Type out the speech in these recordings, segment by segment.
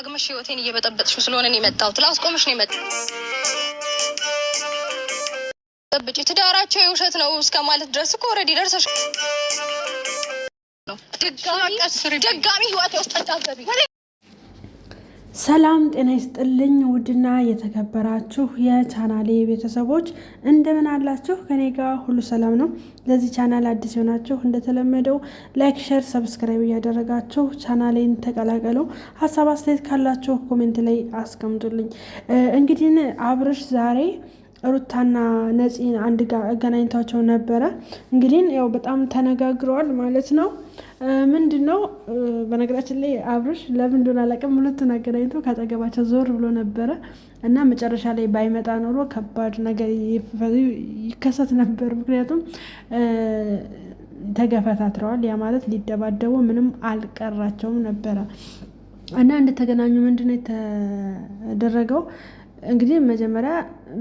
ደጋግመሽ ህይወቴን እየበጠበጥሽው ስለሆነ ነው የመጣሁት። ላስቆምሽ ነው የመጣሁት። ጠብቂ፣ ትዳራቸው የውሸት ነው እስከ ማለት ድረስ እኮ ኦልሬዲ ደርሰሽ ነው ድጋሚ ህይወቴ ውስጥ እንዳትገቢ ሰላም ጤና ይስጥልኝ። ውድና የተከበራችሁ የቻናሌ ቤተሰቦች እንደምን አላችሁ? ከኔ ጋ ሁሉ ሰላም ነው። ለዚህ ቻናል አዲስ የሆናችሁ እንደተለመደው ላይክ፣ ሸር፣ ሰብስክራይብ እያደረጋችሁ ቻናሌን ተቀላቀሉ። ሀሳብ አስተያየት ካላችሁ ኮሜንት ላይ አስቀምጡልኝ። እንግዲህ አብርሽ ዛሬ ሩታና ነፂን አንድ ጋር ነበረ። እንግዲህ ያው በጣም ተነጋግረዋል ማለት ነው። ምንድን ነው በነገራችን ላይ አብርሽ ለምን እንደሆነ አላውቅም፣ ሁለቱን አገናኝቶ ካጠገባቸው ዞር ብሎ ነበረ እና መጨረሻ ላይ ባይመጣ ኖሮ ከባድ ነገር ይከሰት ነበር። ምክንያቱም ተገፈታትረዋል። ያ ማለት ሊደባደቡ ምንም አልቀራቸውም ነበረ እና እንደተገናኙ ምንድነው የተደረገው? እንግዲህ መጀመሪያ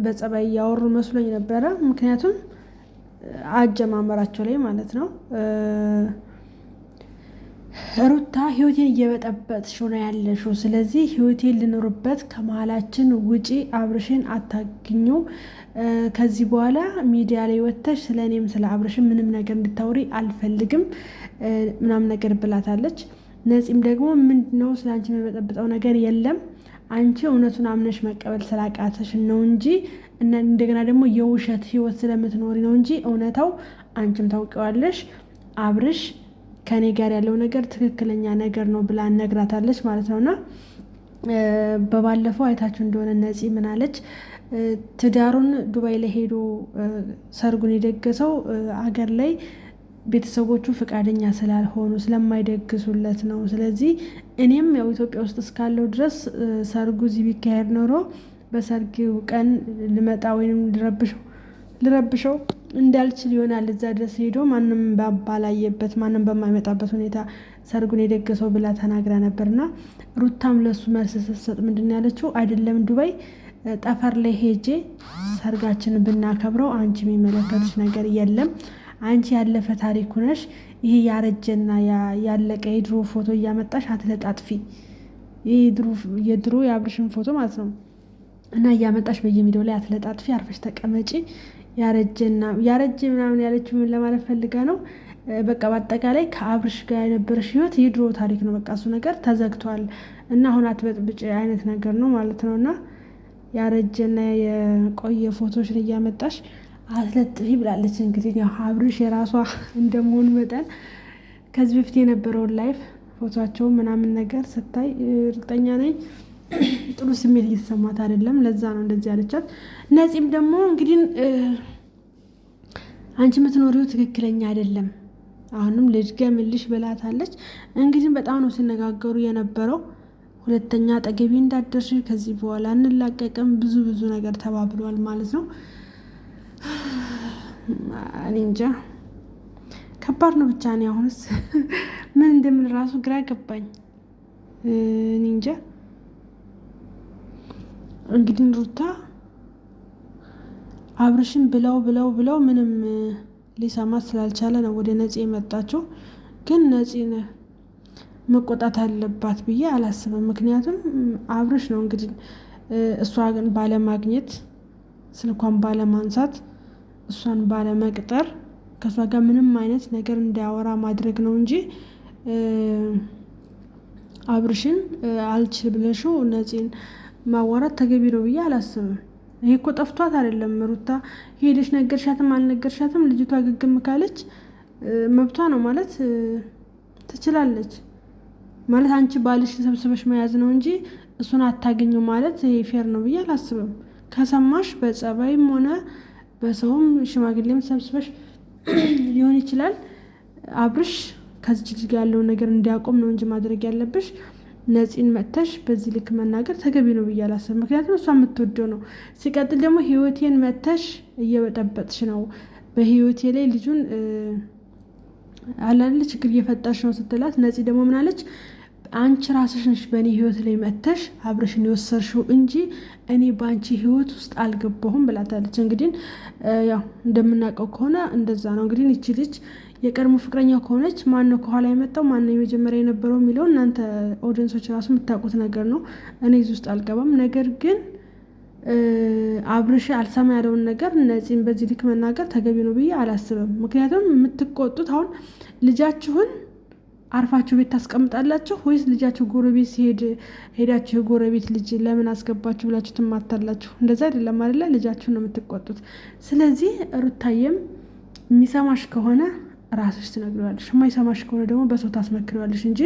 በጸባይ እያወሩ መስሎኝ ነበረ። ምክንያቱም አጀማመራቸው ላይ ማለት ነው። ሩታ ህይወቴን እየበጠበጥሽው ነው ያለሽው። ስለዚህ ህይወቴን ልኖርበት ከመሀላችን ውጪ፣ አብርሽን አታግኙ። ከዚህ በኋላ ሚዲያ ላይ ወጥተሽ ስለ እኔም ስለ አብርሽን ምንም ነገር እንድታውሪ አልፈልግም ምናምን ነገር ብላታለች። ነፂም ደግሞ ምንድነው ስለ አንቺ የሚበጠብጠው ነገር የለም አንቺ እውነቱን አምነሽ መቀበል ስላቃተሽ ነው እንጂ እንደገና ደግሞ የውሸት ህይወት ስለምትኖሪ ነው እንጂ እውነታው አንቺም ታውቂዋለሽ። አብርሽ ከኔ ጋር ያለው ነገር ትክክለኛ ነገር ነው ብላ ነግራታለች ማለት ነውና በባለፈው አይታችሁ እንደሆነ ነፂ ምናለች ትዳሩን ዱባይ ላይ ሄዶ ሰርጉን የደገሰው አገር ላይ ቤተሰቦቹ ፈቃደኛ ስላልሆኑ ስለማይደግሱለት ነው። ስለዚህ እኔም ያው ኢትዮጵያ ውስጥ እስካለው ድረስ ሰርጉ እዚህ ቢካሄድ ኖሮ በሰርጌው ቀን ልመጣ ወይም ልረብሸው ልረብሸው እንዳልችል ይሆናል። እዛ ድረስ ሄዶ ማንም ባላየበት ማንም በማይመጣበት ሁኔታ ሰርጉን የደገሰው ብላ ተናግራ ነበርና ሩታም ለሱ መልስ ስትሰጥ ምንድን ያለችው አይደለም ዱባይ ጠፈር ላይ ሄጄ ሰርጋችንን ብናከብረው አንቺ የሚመለከትሽ ነገር የለም አንቺ ያለፈ ታሪክ ሆነሽ ይሄ ያረጀና ያለቀ የድሮ ፎቶ እያመጣሽ አትለጣጥፊ። ይህ የድሮ የአብርሽን ፎቶ ማለት ነው እና እያመጣሽ በየሚዲያው ላይ አትለጣጥፊ፣ አርፈሽ ተቀመጪ። ያረጀና ያረጀ ምናምን ያለችው ምን ለማለት ፈልጋ ነው? በቃ በአጠቃላይ ከአብርሽ ጋር የነበረሽ ህይወት የድሮ ታሪክ ነው። በቃ እሱ ነገር ተዘግቷል እና አሁን አትበጥብጭ አይነት ነገር ነው ማለት ነው እና ያረጀና የቆየ ፎቶችን እያመጣሽ አስለጥፊ ብላለች። እንግዲህ ያው አብርሽ የራሷ እንደመሆኑ መጠን ከዚህ በፊት የነበረውን ላይፍ ፎቷቸው ምናምን ነገር ስታይ እርግጠኛ ነኝ ጥሩ ስሜት እየተሰማት አይደለም። ለዛ ነው እንደዚህ ያለቻት። ነፂም ደግሞ እንግዲህ አንቺ የምትኖሪው ትክክለኛ አይደለም፣ አሁንም ልድገምልሽ ብላታለች። እንግዲህ በጣም ነው ሲነጋገሩ የነበረው። ሁለተኛ አጠገቤ እንዳደርሽ ከዚህ በኋላ እንላቀቅም፣ ብዙ ብዙ ነገር ተባብሏል ማለት ነው። እኔ እንጃ ከባድ ነው። ብቻ እኔ አሁንስ ምን እንደምን ራሱ ግራ ገባኝ። እኔ እንጃ እንግዲህ ሩታ አብርሽን ብለው ብለው ብለው ምንም ሊሰማ ስላልቻለ ነው ወደ ነፂ የመጣችው። ግን ነፂን መቆጣት አለባት ብዬ አላስብም። ምክንያቱም አብርሽ ነው እንግዲህ እሷ ግን ባለማግኘት ስልኳን ባለማንሳት እሷን ባለመቅጠር ከእሷ ጋር ምንም አይነት ነገር እንዳያወራ ማድረግ ነው እንጂ አብርሽን አልች ብለሽው ነፂን ማዋራት ተገቢ ነው ብዬ አላስብም። ይሄ እኮ ጠፍቷት አይደለም ሩታ ሄደሽ ነገርሻትም አልነገርሻትም ልጅቷ ግግም ካለች መብቷ ነው ማለት ትችላለች። ማለት አንቺ ባልሽ ሰብስበሽ መያዝ ነው እንጂ እሱን አታገኘው ማለት ይሄ ፌር ነው ብዬ አላስብም። ከሰማሽ በጸባይም ሆነ በሰውም ሽማግሌም ሰብስበሽ ሊሆን ይችላል አብርሽ ከዚህ ልጅ ጋር ያለውን ነገር እንዲያቆም ነው እንጂ ማድረግ ያለብሽ ነፂን መጥተሽ በዚህ ልክ መናገር ተገቢ ነው ብዬ አላሰብም። ምክንያቱም እሷ የምትወደው ነው። ሲቀጥል ደግሞ ህይወቴን መጥተሽ እየበጠበጥሽ ነው፣ በህይወቴ ላይ ልጁን አላለ ችግር እየፈጠርሽ ነው ስትላት ነፂ ደግሞ ምናለች አንቺ ራስሽ ነሽ በእኔ ህይወት ላይ መተሽ አብረሽን የወሰድሽው እንጂ እኔ በአንቺ ህይወት ውስጥ አልገባሁም ብላታለች። እንግዲህ ያው እንደምናውቀው ከሆነ እንደዛ ነው። እንግዲህ ይቺ ልጅ የቀድሞ ፍቅረኛ ከሆነች ማን ነው ከኋላ የመጣው ማን ነው የመጀመሪያ የነበረው የሚለው እናንተ ኦዲየንሶች ራሱ የምታውቁት ነገር ነው። እኔ እዚህ ውስጥ አልገባም። ነገር ግን አብርሽ አልሰማ ያለውን ነገር ነፂን በዚህ ልክ መናገር ተገቢ ነው ብዬ አላስብም። ምክንያቱም የምትቆጡት አሁን ልጃችሁን አርፋችሁ ቤት ታስቀምጣላችሁ ወይስ ልጃችሁ ጎረቤት ሲሄድ ሄዳችሁ የጎረቤት ልጅ ለምን አስገባችሁ ብላችሁ ትማታላችሁ? እንደዛ አይደለም አይደለ? ልጃችሁን ነው የምትቆጡት። ስለዚህ ሩታየም የሚሰማሽ ከሆነ ራስሽ ትነግሪዋለሽ፣ የማይሰማሽ ከሆነ ደግሞ በሰው ታስመክረዋለሽ እንጂ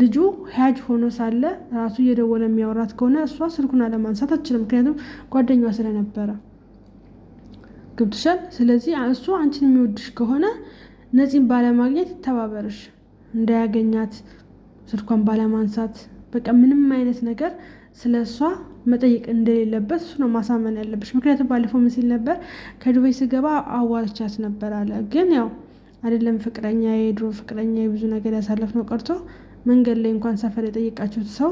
ልጁ ሀያጅ ሆኖ ሳለ ራሱ እየደወለ የሚያወራት ከሆነ እሷ ስልኩን አለማንሳት አትችልም፣ ምክንያቱም ጓደኛዋ ስለነበረ ገብትሻል። ስለዚህ እሱ አንቺን የሚወድሽ ከሆነ እነዚህም ባለማግኘት ይተባበርሽ፣ እንዳያገኛት ስልኳን ባለማንሳት፣ በቃ ምንም አይነት ነገር ስለ እሷ መጠየቅ እንደሌለበት እሱ ነው ማሳመን ያለብሽ። ምክንያቱም ባለፈው ምን ሲል ነበር? ከዱቤ ስገባ አዋርቻት ነበር አለ። ግን ያው አይደለም ፍቅረኛ የድሮ ፍቅረኛ ብዙ ነገር ነው ቀርቶ መንገድ ላይ እንኳን ሰፈር የጠየቃችሁት ሰው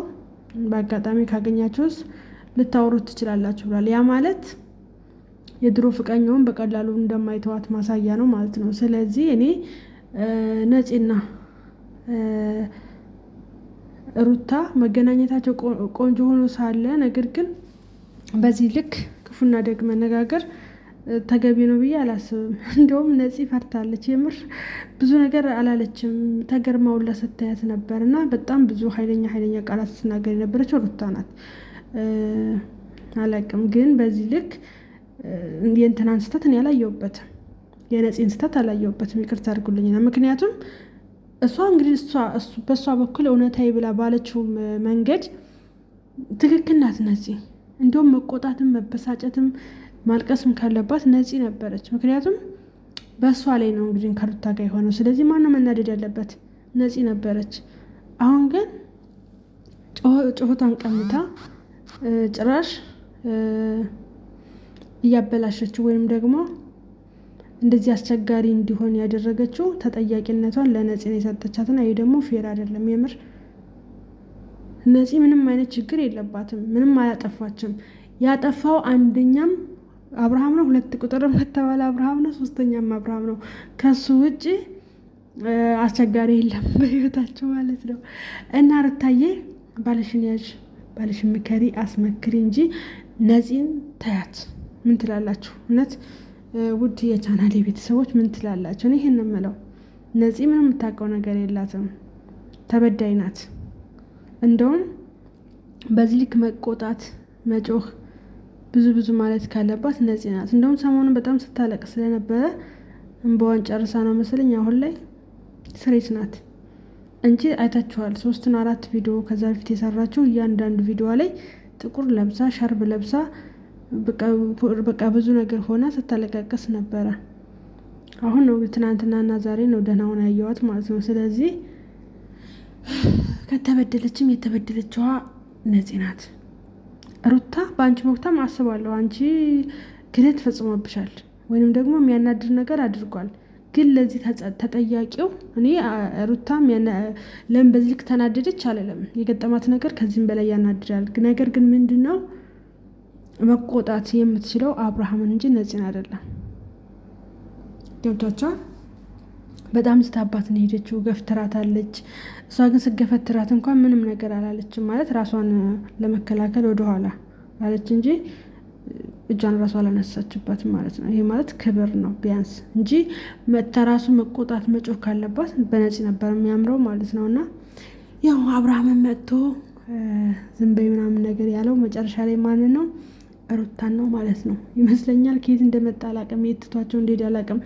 በአጋጣሚ ካገኛችሁት ልታወሩት ትችላላችሁ ብሏል። ያ ማለት የድሮ ፍቅረኛውን በቀላሉ እንደማይተዋት ማሳያ ነው ማለት ነው። ስለዚህ እኔ ነፂና ሩታ መገናኘታቸው ቆንጆ ሆኖ ሳለ ነገር ግን በዚህ ልክ ክፉና ደግ መነጋገር ተገቢ ነው ብዬ አላስብም። እንዲሁም ነፂ ፈርታለች። የምር ብዙ ነገር አላለችም። ተገርማውላ ስታያት ነበር እና በጣም ብዙ ኃይለኛ ኃይለኛ ቃላት ስትናገር የነበረችው ሩታ ናት። አላቅም ግን በዚህ ልክ የእንትናን ስህተት እኔ አላየሁበትም። የነፂን ስህተት አላየሁበትም። ይቅርታ ነው ምክንያቱም እሷ እንግዲህ በእሷ በኩል እውነታዊ ብላ ባለችው መንገድ ትክክል ናት ነፂ። እንዲሁም መቆጣትም መበሳጨትም ማልቀስም ካለባት ነፂ ነበረች። ምክንያቱም በእሷ ላይ ነው እንግዲህ ከሩታ ጋር የሆነው። ስለዚህ ማነው መናደድ ያለበት? ነፂ ነበረች። አሁን ግን ጩኸቷን ቀምታ ጭራሽ እያበላሸችው ወይም ደግሞ እንደዚህ አስቸጋሪ እንዲሆን ያደረገችው ተጠያቂነቷን ለነፂን የሰጠቻትና ይህ ደግሞ ፌር አይደለም። የምር ነፂ ምንም አይነት ችግር የለባትም፣ ምንም አላጠፋችም። ያጠፋው አንደኛም አብርሃም ነው፣ ሁለት ቁጥርም ከተባለ አብርሃም ነው፣ ሶስተኛም አብርሃም ነው። ከሱ ውጭ አስቸጋሪ የለም በህይወታቸው ማለት ነው። እና ርታዬ ባልሽን ያዥ፣ ባልሽን ምከሪ፣ አስመክሪ እንጂ ነፂን ተያት። ምን ትላላችሁ? እውነት ውድ የቻናሌ ቤተሰቦች ምን ትላላችሁ? እኔ ይህን የምለው ነፂ ምንም የምታውቀው ነገር የላትም፣ ተበዳይ ናት። እንደውም በዚህ ልክ መቆጣት፣ መጮህ፣ ብዙ ብዙ ማለት ካለባት ነፂ ናት። እንደውም ሰሞኑን በጣም ስታለቅ ስለነበረ እንበዋን ጨርሳ ነው መሰለኝ አሁን ላይ ስሬት ናት እንጂ አይታችኋል፣ ሶስትን አራት ቪዲዮ ከዛ በፊት የሰራችው እያንዳንዱ ቪዲዮ ላይ ጥቁር ለብሳ ሸርብ ለብሳ በቃ ብዙ ነገር ሆና ስታለቃቀስ ነበረ። አሁን ነው ትናንትና እና ዛሬ ነው ደህናውን ያየዋት ማለት ነው። ስለዚህ ከተበደለችም የተበደለችዋ ነፂ ናት። ሩታ በአንቺ መብታም አስባለሁ። አንቺ ግደት ፈጽሞብሻል ወይንም ደግሞ የሚያናድር ነገር አድርጓል። ግን ለዚህ ተጠያቂው እኔ ሩታ ለምን በዚህ ልክ ተናደደች አለለም። የገጠማት ነገር ከዚህም በላይ ያናድዳል። ነገር ግን ምንድን ነው መቆጣት የምትችለው አብርሃምን እንጂ ነፂን አይደለም። ገብቷቸዋል። በጣም ስታባት ነው ሄደችው፣ ገፍትራታለች። እሷ ግን ስገፈትራት እንኳን ምንም ነገር አላለችም። ማለት ራሷን ለመከላከል ወደኋላ አለች እንጂ እጇን ራሷ አላነሳችባትም ማለት ነው። ይሄ ማለት ክብር ነው ቢያንስ እንጂ መታ ራሱ መቆጣት መጮህ ካለባት በነፂ ነበር የሚያምረው ማለት ነው። እና ያው አብርሃምን መጥቶ ዝም በይ ምናምን ነገር ያለው መጨረሻ ላይ ማንን ነው ሩታን ነው ማለት ነው ይመስለኛል። ኬት እንደመጣ አላቅም፣ የትቷቸው ትቷቸው እንደሄደ አላቅም።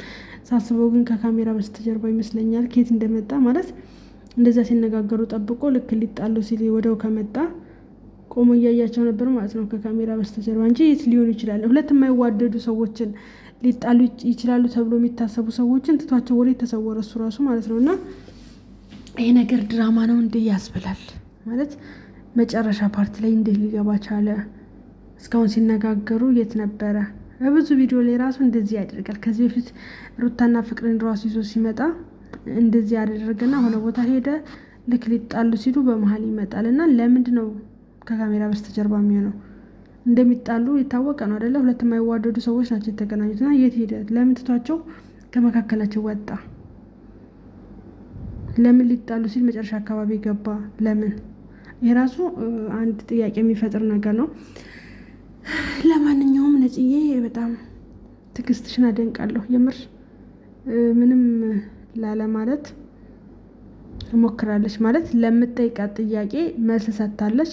ሳስበው ግን ከካሜራ በስተጀርባ ይመስለኛል ኬት እንደመጣ ማለት እንደዛ ሲነጋገሩ ጠብቆ ልክ ሊጣሉ ሲል ወደው ከመጣ ቆሞ እያያቸው ነበር ማለት ነው ከካሜራ በስተጀርባ እንጂ የት ሊሆን ይችላል። ሁለት የማይዋደዱ ሰዎችን ሊጣሉ ይችላሉ ተብሎ የሚታሰቡ ሰዎችን ትቷቸው ወደ የተሰወረ እሱ ራሱ ማለት ነው። እና ይሄ ነገር ድራማ ነው እንዴ ያስብላል ማለት መጨረሻ ፓርት ላይ እንዴት ሊገባ ቻለ? እስካሁን ሲነጋገሩ የት ነበረ? በብዙ ቪዲዮ ላይ ራሱ እንደዚህ ያደርጋል። ከዚህ በፊት ሩታና ፍቅርን ራሱ ይዞ ሲመጣ እንደዚህ ያደረገና ሆነ ቦታ ሄደ። ልክ ሊጣሉ ሲሉ በመሀል ይመጣል እና ለምንድ ነው ከካሜራ በስተጀርባ የሚሆነው? እንደሚጣሉ የታወቀ ነው አደለ? ሁለት የማይዋደዱ ሰዎች ናቸው የተገናኙት። እና የት ሄደ? ለምን ትቷቸው ከመካከላቸው ወጣ? ለምን ሊጣሉ ሲል መጨረሻ አካባቢ ገባ? ለምን? የራሱ አንድ ጥያቄ የሚፈጥር ነገር ነው። ለማንኛውም ነጽዬ በጣም ትዕግስትሽን አደንቃለሁ። የምር ምንም ላለ ማለት ሞክራለች ማለት ለምትጠይቃት ጥያቄ መልስ ሰጥታለች።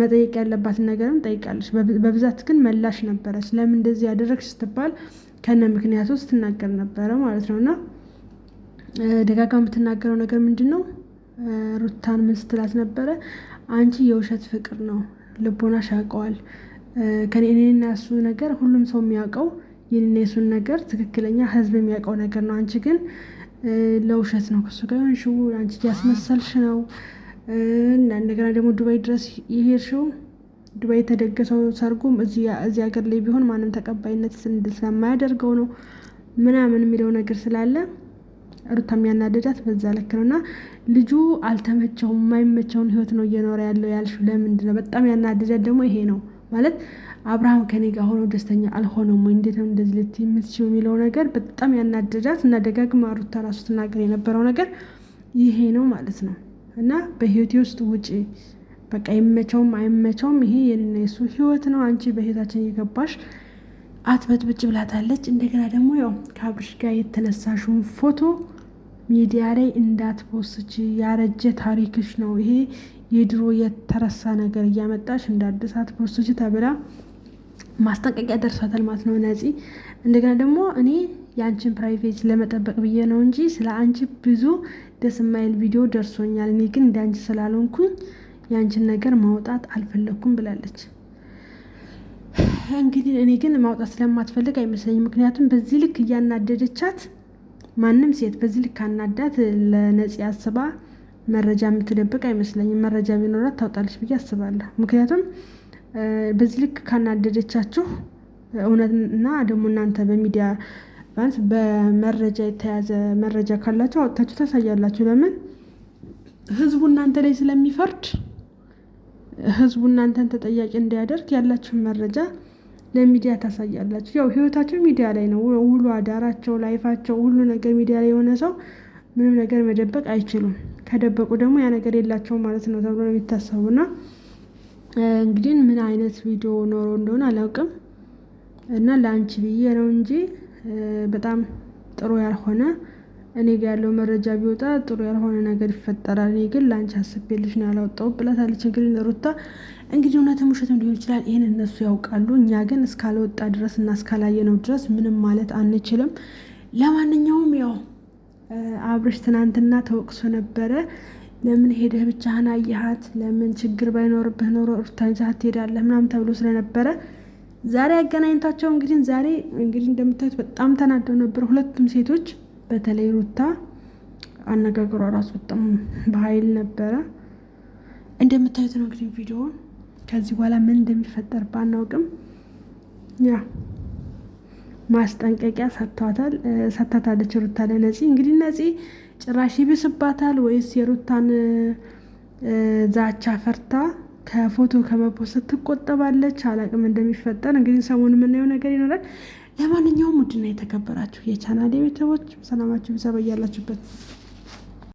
መጠየቅ ያለባትን ነገርም ጠይቃለች። በብዛት ግን መላሽ ነበረች። ለምን እንደዚህ ያደረግሽ ስትባል ከነ ምክንያቱ ስትናገር ነበረ ማለት ነው። እና ደጋጋ የምትናገረው ነገር ምንድን ነው? ሩታን ምን ስትላት ነበረ? አንቺ የውሸት ፍቅር ነው ልቦናሽ ያውቀዋል። ከኔና እሱ ነገር ሁሉም ሰው የሚያውቀው የኔና የሱን ነገር ትክክለኛ ህዝብ የሚያውቀው ነገር ነው። አንቺ ግን ለውሸት ነው ከሱ ጋር የሆንሽው፣ አንቺ እያስመሰልሽ ነው። እና እንደገና ደግሞ ዱባይ ድረስ የሄድሽው ዱባይ የተደገሰው ሰርጉም እዚህ ሀገር ላይ ቢሆን ማንም ተቀባይነት ስለማያደርገው ነው ምናምን የሚለው ነገር ስላለ ሩታ የሚያናደዳት በዛ ልክ ነው። እና ልጁ አልተመቸውም፣ የማይመቸውን ህይወት ነው እየኖረ ያለው ያልሽው ለምንድን ነው? በጣም ያናደዳት ደግሞ ይሄ ነው ማለት አብርሃም ከኔ ጋር ሆኖ ደስተኛ አልሆነም ወይ እንዴት ነው እንደዚህ ልት የምትችው የሚለው ነገር በጣም ያናደዳት እና ደጋግማ ሩታ ራሱ ትናገር የነበረው ነገር ይሄ ነው ማለት ነው። እና በህይወቴ ውስጥ ውጪ በቃ ይመቸውም አይመቸውም ይሄ የነሱ ህይወት ነው። አንቺ በህይወታችን እየገባሽ አትበጥብጭ ብላታለች። እንደገና ደግሞ ያው ከአብርሽ ጋር የተነሳሽውን ፎቶ ሚዲያ ላይ እንዳትፖስች ያረጀ ታሪክሽ ነው ይሄ የድሮ የተረሳ ነገር እያመጣሽ እንዳዲስ ፖስች ተብላ ማስጠንቀቂያ ደርሷታል ማለት ነው ነፂ። እንደገና ደግሞ እኔ የአንቺን ፕራይቬት ለመጠበቅ ብዬ ነው እንጂ ስለ አንቺ ብዙ ደስ የማይል ቪዲዮ ደርሶኛል። እኔ ግን አንቺ ስላልሆንኩኝ የአንቺን ነገር ማውጣት አልፈለግኩም ብላለች። እንግዲህ እኔ ግን ማውጣት ስለማትፈልግ አይመስለኝም። ምክንያቱም በዚህ ልክ እያናደደቻት ማንም ሴት በዚህ ልክ አናዳት ለነፂ አስባ መረጃ የምትደብቅ አይመስለኝም። መረጃ ቢኖራት ታውጣለች ብዬ አስባለሁ። ምክንያቱም በዚህ ልክ ካናደደቻችሁ እውነትና ደግሞ እናንተ በሚዲያ ባንስ በመረጃ የተያዘ መረጃ ካላችሁ አውጥታችሁ ታሳያላችሁ። ለምን ህዝቡ እናንተ ላይ ስለሚፈርድ ህዝቡ እናንተን ተጠያቂ እንዲያደርግ ያላችሁን መረጃ ለሚዲያ ታሳያላችሁ። ያው ህይወታቸው ሚዲያ ላይ ነው ውሎ አዳራቸው፣ ላይፋቸው፣ ሁሉ ነገር ሚዲያ ላይ የሆነ ሰው ምንም ነገር መደበቅ አይችሉም። ከደበቁ ደግሞ ያ ነገር የላቸውም ማለት ነው ተብሎ ነው የሚታሰቡና እንግዲህ ምን አይነት ቪዲዮ ኖሮ እንደሆነ አላውቅም እና ለአንቺ ብዬ ነው እንጂ በጣም ጥሩ ያልሆነ እኔ ጋ ያለው መረጃ ቢወጣ ጥሩ ያልሆነ ነገር ይፈጠራል። እኔ ግን ለአንቺ አስቤልሽ ነው ያላወጣው ብላታለች። እንግዲህ ሩታ እንግዲህ እውነትም ውሸትም ሊሆን ይችላል። ይህን እነሱ ያውቃሉ። እኛ ግን እስካልወጣ ድረስ እና እስካላየነው ድረስ ምንም ማለት አንችልም። ለማንኛውም ያው አብርሽ ትናንትና ተወቅሶ ነበረ። ለምን ሄደህ ብቻህን አየሃት? ለምን ችግር ባይኖርብህ ኖሮ እርታን ትሄዳለህ ምናምን ተብሎ ስለነበረ ዛሬ ያገናኝታቸው እንግዲህ ዛሬ እንግዲህ እንደምታዩት በጣም ተናደው ነበር ሁለቱም ሴቶች። በተለይ ሩታ አነጋገሯ ራሱ በጣም በኃይል ነበረ። እንደምታዩት ነው እንግዲህ ቪዲዮውን ከዚህ በኋላ ምን እንደሚፈጠር ባናውቅም ያ ማስጠንቀቂያ ሰጥቷታል ሰጥታታለች። ሩታ ለነፂ እንግዲህ ነፂ ጭራሽ ይብስባታል ወይስ የሩታን ዛቻ ፈርታ ከፎቶ ከመፖሰት ትቆጠባለች? አላቅም እንደሚፈጠር እንግዲህ ሰሞኑ የምናየው ነገር ይኖራል። ለማንኛውም ውድና የተከበራችሁ የቻናሌ የቤተሰቦች ሰላማችሁ ብዛ በያላችሁበት